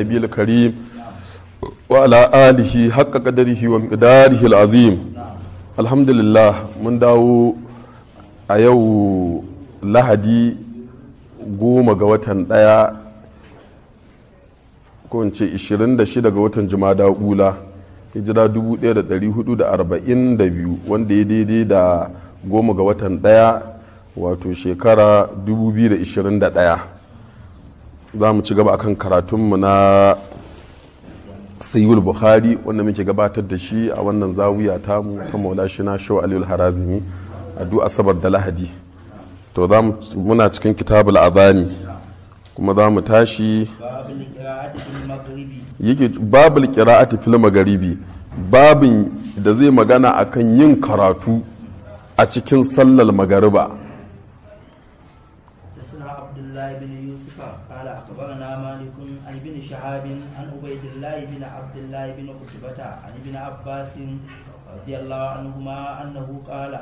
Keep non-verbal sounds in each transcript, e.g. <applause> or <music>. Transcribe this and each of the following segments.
النبي الكريم وعلى آله حق قدره ومقداره al'azim alhamdulillah mun dawo a yau lahadi goma ga watan daya ko in ce 26 ga watan jumada ula hijira 1442 wanda ya daidai da goma ga watan daya wato shekara 2021 za mu ci gaba akan karatunmu na sayyul bukhari wanda muke gabatar da shi a wannan zawiya tamu ta maula shi na shaw aliyul harazimi a duk asabar da lahadi to za mu muna cikin kitabul azami kuma za mu tashi yake babul qira'ati fil magharibi babin da zai magana akan yin karatu a cikin sallar magariba الله بن يوسف قال أخبرنا مالك عن ابن شعاب عن عبيد الله بن عبد الله بن قتبة عن ابن عباس رضي الله عنهما أنه قال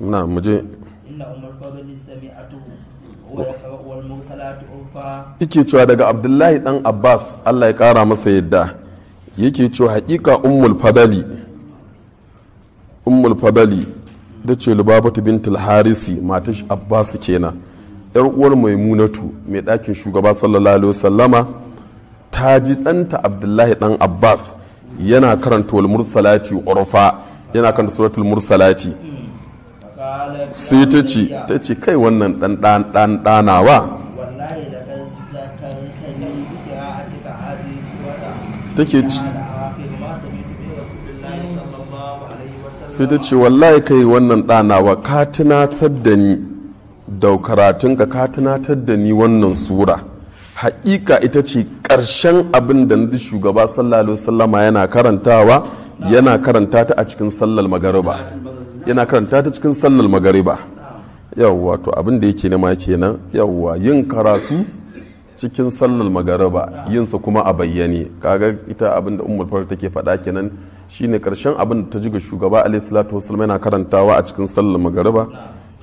نعم مجي إن أم الفضل سمعته yake cewa daga abdullahi dan abbas allah ya kara masa yadda yake cewa hakika ummul fadali ummul fadali da ce lubabatu bintul harisi matash abbasu kenan yar uwar maimunatu mai ɗakin shugaba sallallahu alaihi wasallama ta ji ɗanta abdullahi ɗan abbas yana karanta wal mursalati urfa yana karanta suratul mursalati sai ta ce ta ce kai wannan ɗan ɗan ɗanawa take sai ta ce wallahi kai wannan ɗanawa ka tunatar da ni da karatunka ka tunatar da ni wannan sura haƙiƙa ita ce ƙarshen abin da na shugaba sallallahu sallama yana karantawa yana karanta ta a cikin sallar magariba yana karanta ta cikin sallar magariba yawwa to abin da yake nema kenan yawwa yin karatu cikin sallar magariba yinsa kuma a bayyane kaga ita abin da ummul take faɗa kenan shine karshen abin da ta ji ga shugaba alayhi salatu wasallam yana karantawa a cikin sallar magariba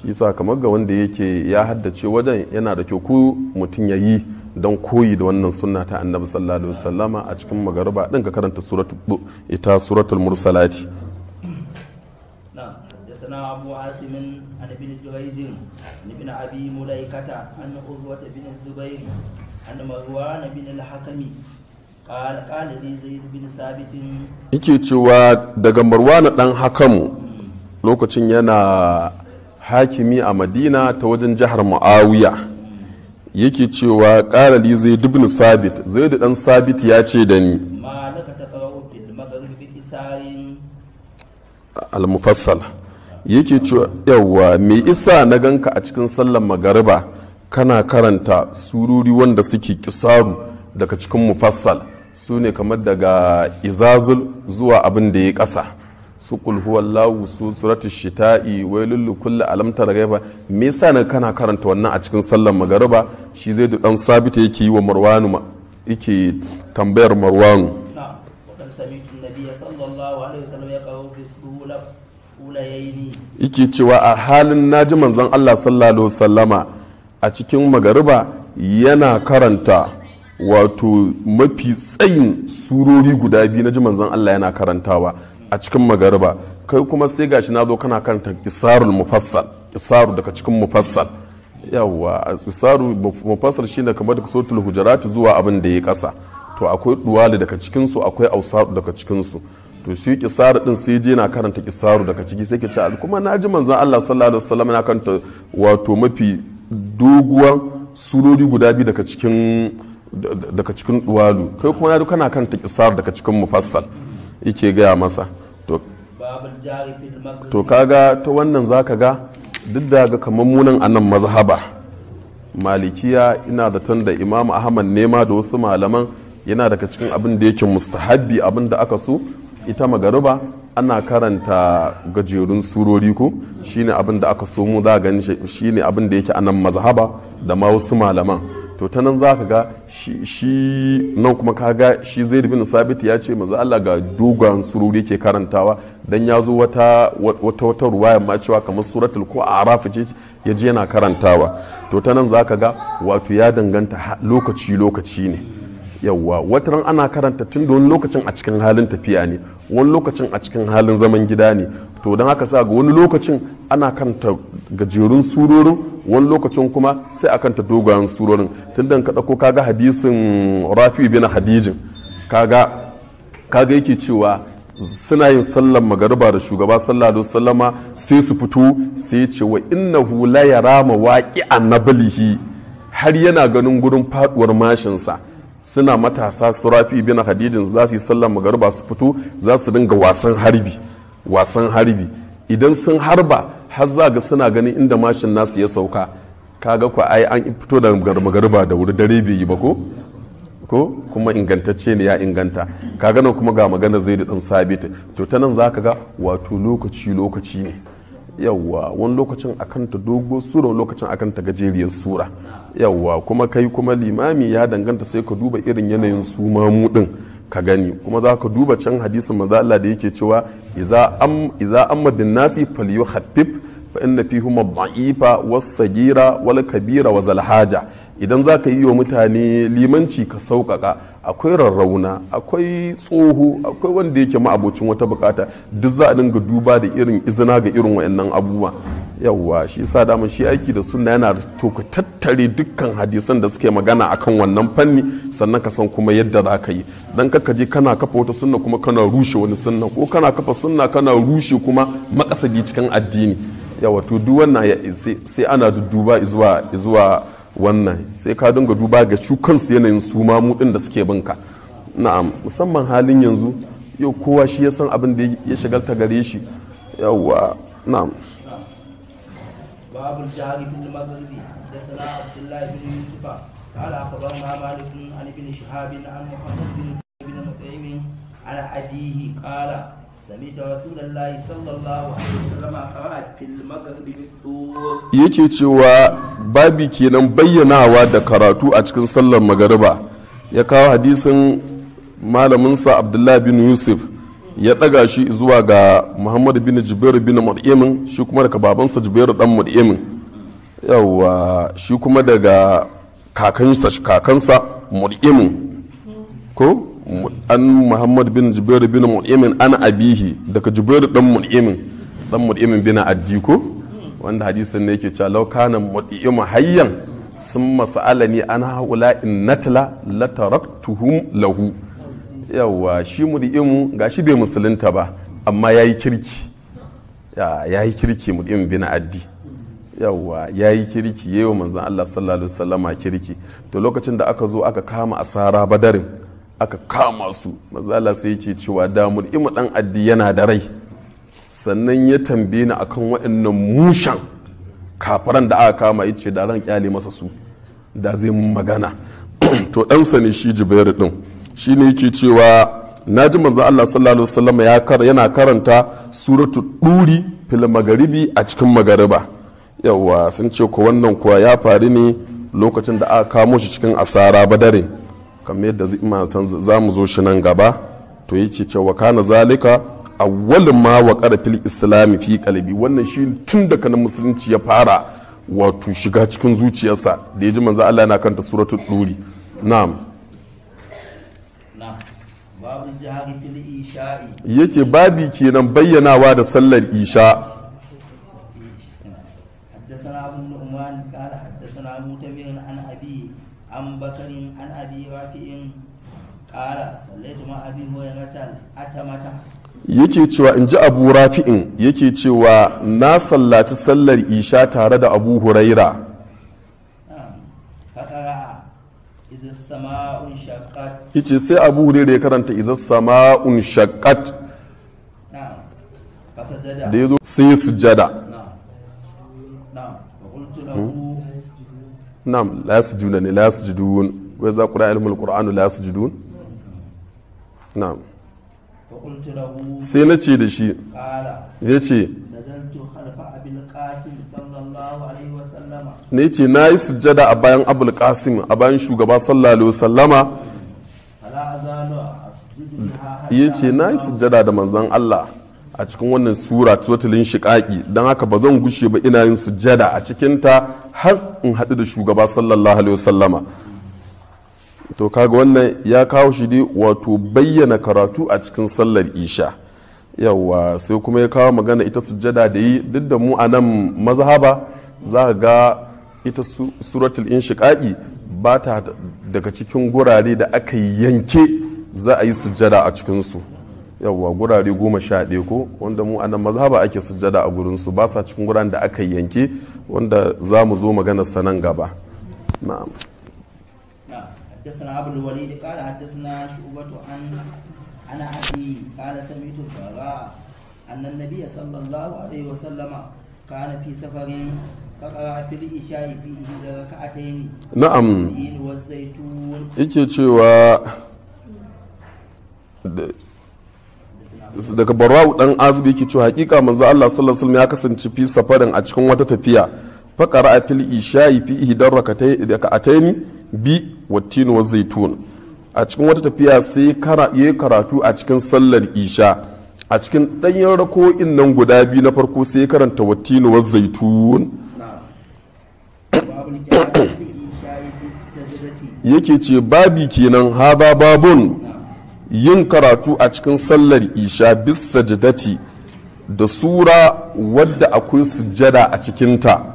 shi yasa kamar ga wanda yake ya haddace wajen yana da kyau ko mutum ya yi don koyi da wannan sunna ta annabi sallallahu alaihi wasallama a cikin magariba din ka karanta suratul ita suratul mursalati حدثنا أبو عاصم عن ابن جريج عن ابن أبي مليكة عن عروة بن الزبير عن مروان بن hakami. yake cewa daga marwana dan hakamu lokacin yana hakimi a madina ta wajen jihar ma'awiya yake cewa ƙarali zai dubin sabit zai da ɗan sabit ya ce da ni al-mufassal yake cewa yawa mai isa na ganka a cikin sallar magariba kana karanta sururi wanda suke kisaru daga cikin mufassal su ne kamar daga izazul zuwa abin da ya ƙasa su kul huwallahu su suratul shita'i wailul kullu alamtar tara gaiba me yasa ne kana karanta wannan a cikin sallar magariba shi zai da dan sabita yake yi wa marwanu yake tambayar marwanu yake cewa a halin naji manzon Allah sallallahu alaihi wasallama a cikin magariba yana karanta wato mafi tsayin surori guda biyu na ji manzon Allah yana karantawa a cikin magariba kai kuma sai gashi na zo kana karanta isarul mufassal isaru daga cikin mufassal yawa isaru mufassal shine kamar daga suratul hujurat zuwa abin da ya kasa to akwai duwali daga cikin su akwai ausar daga cikin su to shi kisaru din sai je na karanta kisaru daga ciki sai ke ce kuma na ji manzon Allah sallallahu alaihi wasallam na karanta wato mafi doguwar surori guda biyu daga cikin daga cikin duwadu kai kuma na kana kan kisar daga cikin mufassal yake gaya masa to kaga ta wannan za ka ga duk da ga kamar munan anan mazhaba malikiya ina da tun da imam ahmad nema da wasu malaman yana daga cikin abin da yake mustahabbi abin da aka so ita magariba ana karanta gajerun surori ko shine abin da aka so mu za gani shine abin da yake anan mazhaba da ma wasu malaman to ta nan za ka ga shi nan kuma ka ga shi zai bin sabit ya ce manzo Allah ga dogon sururi ke karantawa dan ya zo wata wata wata ruwaya ma cewa kamar suratul ko araf ce ya je yana karantawa to ta nan za ka ga wato ya danganta lokaci lokaci ne yawwa ran ana karanta tun da wani lokacin a cikin halin tafiya ne wani lokacin a cikin halin zaman gida ne to don haka sa ga wani lokacin ana karanta gajerun surorin wani lokacin kuma sai a kanta dogayen surorin tun da ka ɗauko kaga hadisin rafi bin hadijin kaga kaga yake cewa suna yin sallan magariba da shugaba sallallahu alaihi sallama sai su fito sai ce wa innahu la yarama waqi'an nablihi har yana ganin gurin faduwar mashinsa suna matasa surafi rafi bin hadijin za su yi sallar magarba su fito za su dinga wasan harbi wasan harbi idan sun harba har za ga suna ganin inda mashin nasu ya sauka kaga ku ai an fito da magariba da wuri dare bai yi ba ko ko kuma ingantacce ne ya inganta kaga nan kuma ga magana zai da dan sabita to ta nan za ka ga wato lokaci lokaci ne yawwa wani lokacin akan ta dogo sura wani lokacin akan ta gajeriyar sura yawwa kuma kai kuma limami ya danganta sai ka duba irin yanayin su mamu ka gani kuma za ka duba can hadisin manzo da yake cewa idza am idza amma bin nasi falyuhaffif fa inna fihum ad-da'ifa sagira wal-kabira wa zal idan za ka yi wa mutane limanci ka sauƙaƙa akwai rarrauna akwai tsoho akwai wanda yake ma'abocin wata bukata duk za a dinga duba da irin izina ga irin wayannan abubuwa yawwa shi sa dama shi aiki da suna yana to ka tattare dukkan hadisan da suke magana akan wannan fanni sannan ka san kuma yadda za ka yi dan ka je kana kafa wata sunna kuma kana rushe wani sunna ko kana kafa sunna kana rushe kuma makasadi cikin addini yawwa to duk wannan sai ana dudduba zuwa zuwa wannan sai ka dinga duba ga su kansu yanayin su mamu da suke binka na'am musamman halin yanzu yau kowa shi ya san abin da ya shagalta gare shi yawwa na'am babu jari fil maghribi da sana abdullahi bin yusufa qala akhbarana malik an ibn shihab an muhammad bin ibn mutaim an abihi qala yake cewa babi kenan bayyanawa da karatu a cikin sallar magariba ya kawo hadisin malaminsa abdullahi bin yusuf ya daga shi zuwa ga muhammadu bin jibiru bin mud'imin shi kuma daga babansa jibiru dan mud'imin yawwa shi kuma daga kakansa kakansa mud'imin ko an muhammad bin jubair bin mu'imin an abihi daga jubair dan mu'imin dan mu'imin bin addiko wanda hadisin ne yake cewa law kana mu'imu hayyan sun masalani an haula in natla la taraktuhum lahu yawa shi mu'imu gashi bai musulunta ba amma yayi kirki ya yayi kirki mu'imin bin addi yawa ya yi kirki yi wa manzan Allah sallallahu alaihi wasallama kirki to lokacin da aka zo aka kama asara badarin aka kama su mazala sai yake cewa damun ima dan addi yana da rai sannan ya tambaye ni akan waɗannan mushan kafaran da aka kama yace da ran kyale masa su da zai mun magana <clears throat> to dan ne shi jibairu din. shi ne yake cewa na ji manzo Allah sallallahu alaihi wasallam ya kar yana karanta suratu duri fil magharibi a cikin magariba yawa sun ce ko wannan kuwa ya faru ne lokacin da aka kamo shi cikin asara badare kamar yadda za mu zo shi nan gaba to yake cewa kana zalika awwalin ma wa karfil islami fi kalbi wannan shi tun daga na musulunci ya fara wato shiga cikin zuciyarsa da ya ji manzo Allah yana kanta suratul duri na'am yace babi kenan bayyanawa da sallar isha yake cewa in ji abu rafi'in yake cewa na sallaci sallar isha tare da abu huraira yace sai abu huraira ya karanta izar sama'un shakat da ya zo sai su jada hmm? na'am la juna ne la jidun wai za qura'a ilmul qur'anu la jidun na'am sai na ce da shi ya ce ne ce na yi sujjada a bayan abul qasim a bayan shugaba sallallahu sallama ya ce na yi sujjada da manzan Allah a cikin wannan sura tuwatilin shiƙaƙi don haka ba zan gushe ba ina yin sujjada a cikinta har in haɗu da shugaba sallallahu alaihi wasallama to kaga wannan ya kawo shi dai wato bayyana karatu a cikin sallar isha yawa sai kuma ya kawo magana ita sujjada da yi duk da mu a nan mazhaba za ga ita suratul inshiqaqi ba ta daga cikin gurare da aka yanke za a yi sujjada a cikinsu yawwa gurare goma sha ɗaya ko wanda mu a nan mazhaba ake sujjada a gurinsu ba sa cikin guraren da aka yanke wanda za mu zo magana sanan gaba na'am حدثنا عبد الوليد قال حدثنا شعبة عن عن أبي قال سمعت البراء أن النبي صلى الله عليه وسلم كان في سفر في ركعتين Na'am, yake cewa daga barawu dan azubi ke cewa hakika manzo Allah sallallahu alaihi wasallam ya kasance fi safarin a cikin wata tafiya fa qara'a fil isha'i fi ihdar rakataini bi wa zaitun a cikin wata tafiya sai ya karatu a cikin sallar isha a cikin ɗanyen rako'in nan guda biyu na farko sai ya karanta wattin wa zaitun <coughs> yake ce babi kenan haza babun yin karatu a cikin sallar isha bis jidati da sura wadda akwai sujada a cikinta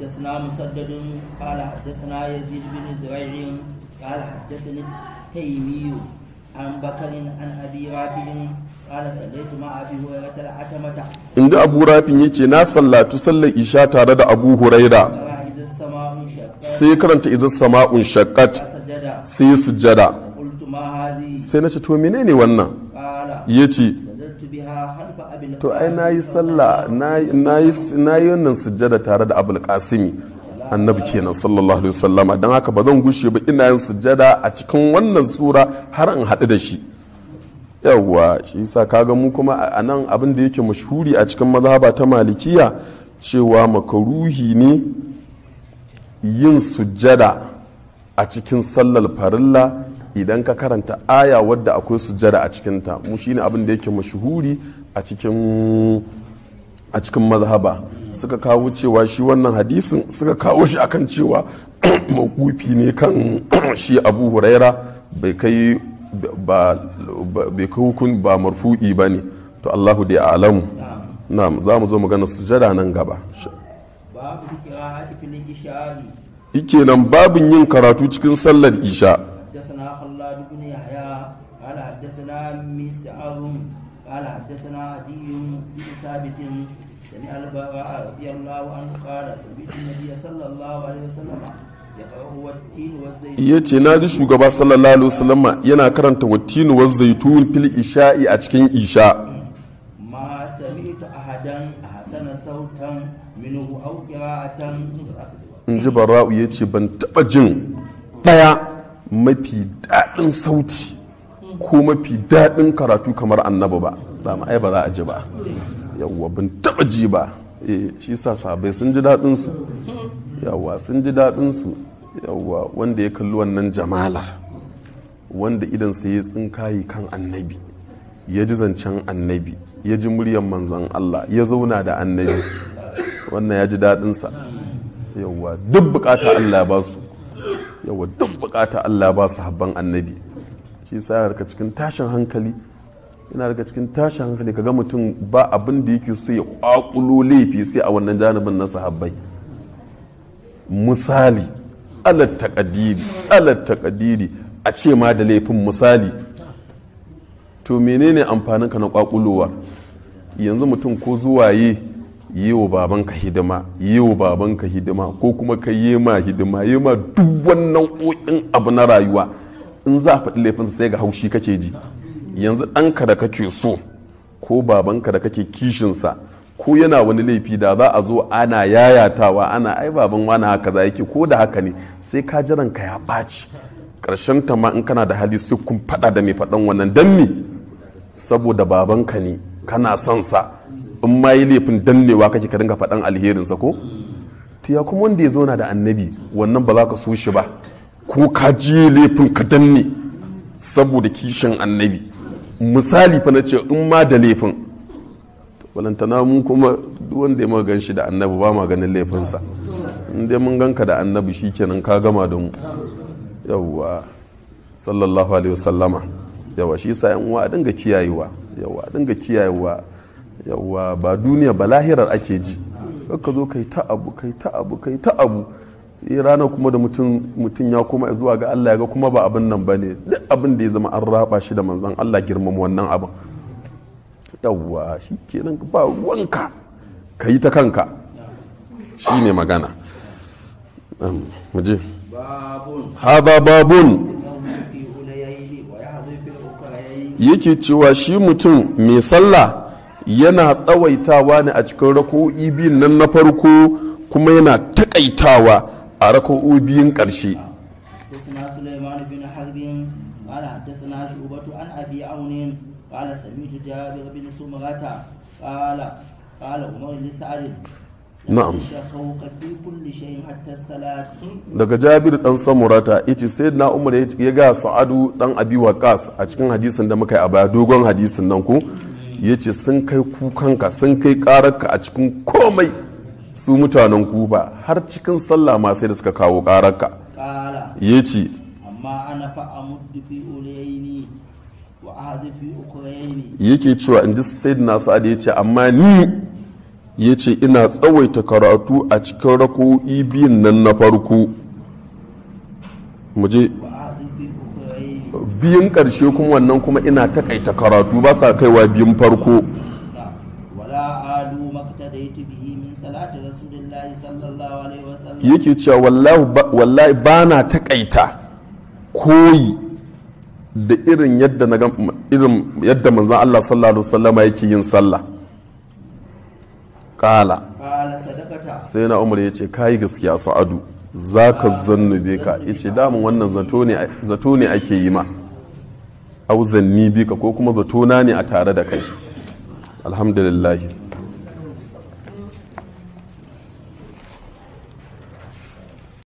حدثنا مسدد قال حدثنا يزيد بن زريع قال حدثني التيمي عن بكر عن ابي رافع قال صليت مع ابي هريره العتمه عند ابو رافع يجي ناس صلاه صلى عشاء تare da abu huraira sai karanta izar sama'un shakkat sai sujada sai na ce to menene wannan ya ce to ai na yi sallah na yi wannan sujjada tare da abul kasimi annabi kenan sallallahu alaihi wasallama don haka ba zan gushe ba ina yin sujjada a cikin wannan sura har in haɗu da shi yawwa shi sa kaga mu kuma a nan abin da yake mashhuri a cikin mazhaba ta malikiya cewa makaruhi ne yin sujjada a cikin sallar farilla idan ka karanta aya wadda akwai sujjada a cikinta mu shine abin da yake mashuhuri. a cikin mazhaba suka kawo cewa shi wannan hadisin suka kawo shi akan cewa <clears throat> makufi ne kan <clears throat> shi abu huraira bai kai ba hukun ba marfu'i ba ne to allahu da alamu na za mu zo magana sujada nan gaba ike nan babin yin karatu cikin sallar isha قال حدثنا عدي بن ثابت سمع البراء رضي الله عنه قال سمعت النبي صلى الله عليه وسلم Iya ce na ji shugaba sallallahu alaihi wasallam yana karanta wattinu wa zaitun fil isha'i a cikin isha ma sami'tu ahadan ahsana sautan minhu aw qira'atan in ji bara'u ya ban taba jin daya mafi dadin sauti ko mafi daɗin karatu kamar annabi ba ba ma ba za a ji ba yawwa bin taɓa ji ba E, shi sa sabai sun ji daɗin yawwa sun ji daɗin yawwa wanda ya kalli wannan jamala wanda idan sai ya tsinkayi kan annabi ya ji zancen annabi ya ji muryan manzan Allah ya zauna da annabi wannan ya ji daɗinsa yawwa duk bukata Allah ba su yawwa duk bukata Allah ba su habban annabi shi sa daga cikin tashin hankali yana daga cikin tashin hankali ga mutum ba abin da yake so ya kwakulo laifi sai a wannan janibin na sahabbai misali alat takadiri a ce ma da laifin misali to menene amfanin ka na kwakulowa yanzu mutum ko zuwa yi yi wa babanka hidima yi wa babanka hidima ko kuma ka yi ma hidima yi ma duk wannan abu na rayuwa in za a faɗi laifinsa sai ga haushi kake ji yanzu ɗanka da kake so ko babanka da kake kishinsa ko yana wani laifi da za a zo ana yayatawa ana ai baban wani haka za yake ko da haka ne sai ka jiran ka ya ɓaci ƙarshen ta ma in kana da hali sai kun faɗa da mai faɗan wannan dan me saboda babanka ne kana son sa in ma yi laifin dannewa kake ka dinga faɗan alherinsa ko to ya kuma wanda ya zauna da annabi wannan ba za ka so shi ba ko ka ji laifin ka danne saboda kishin annabi misali fa na ce in ma da laifin balantana mu kuma duk wanda ya gan shi da annabi ba ma ganin laifinsa in dai mun ganka da annabi shikenan ka gama da mu yawwa sallallahu alaihi wasallama yawa shi sa yan uwa a dinga kiyayewa yawa a dinga kiyayewa yawa ba duniya ba lahirar ake ji ka zo kai ta abu kai ta abu kai ta abu Eh, rana kuma da mutum ya koma zuwa ga Allah ya ga kuma ba abin nan ba ne duk abin da ya zama an raba shi da manzan Allah girmama wannan abin yawwa shi kenan ba wanka ka yi ta kanka shi ne magana muje haza babun yake cewa shi mutum mai sallah yana tsawaitawa ne a cikin rako'i biyun nan na farko kuma yana takaitawa a rako'u biyun ƙarshe daga jabir dan samurata yace na umar ya ga sa'adu dan abi waqas a cikin hadisin da muka yi a baya dogon hadisin nan ko yace sun kai kukanka sun kai kararka a cikin komai su mutanen kuba har cikin sallah ma sai da suka kawo ƙararka ya ce yake cewa in ji sayyidina sa'ad ya ce amma ni ya ce ina tsawaita karatu a cikin rako biyun nan na farko muje biyun ƙarshe kuma wannan kuma ina takaita karatu ba sa kaiwa biyun farko yake cewa wallahi ba na takaita koyi da irin yadda na Allah sallallahu alaihi yake yin sallah kala sai na umar ya ce kayi gaskiya sa'adu za ka zannube ka ya ce damun wannan zato ne ake yi ma auzanni bi bika ko kuma zato na ne a tare da kai alhamdulillahi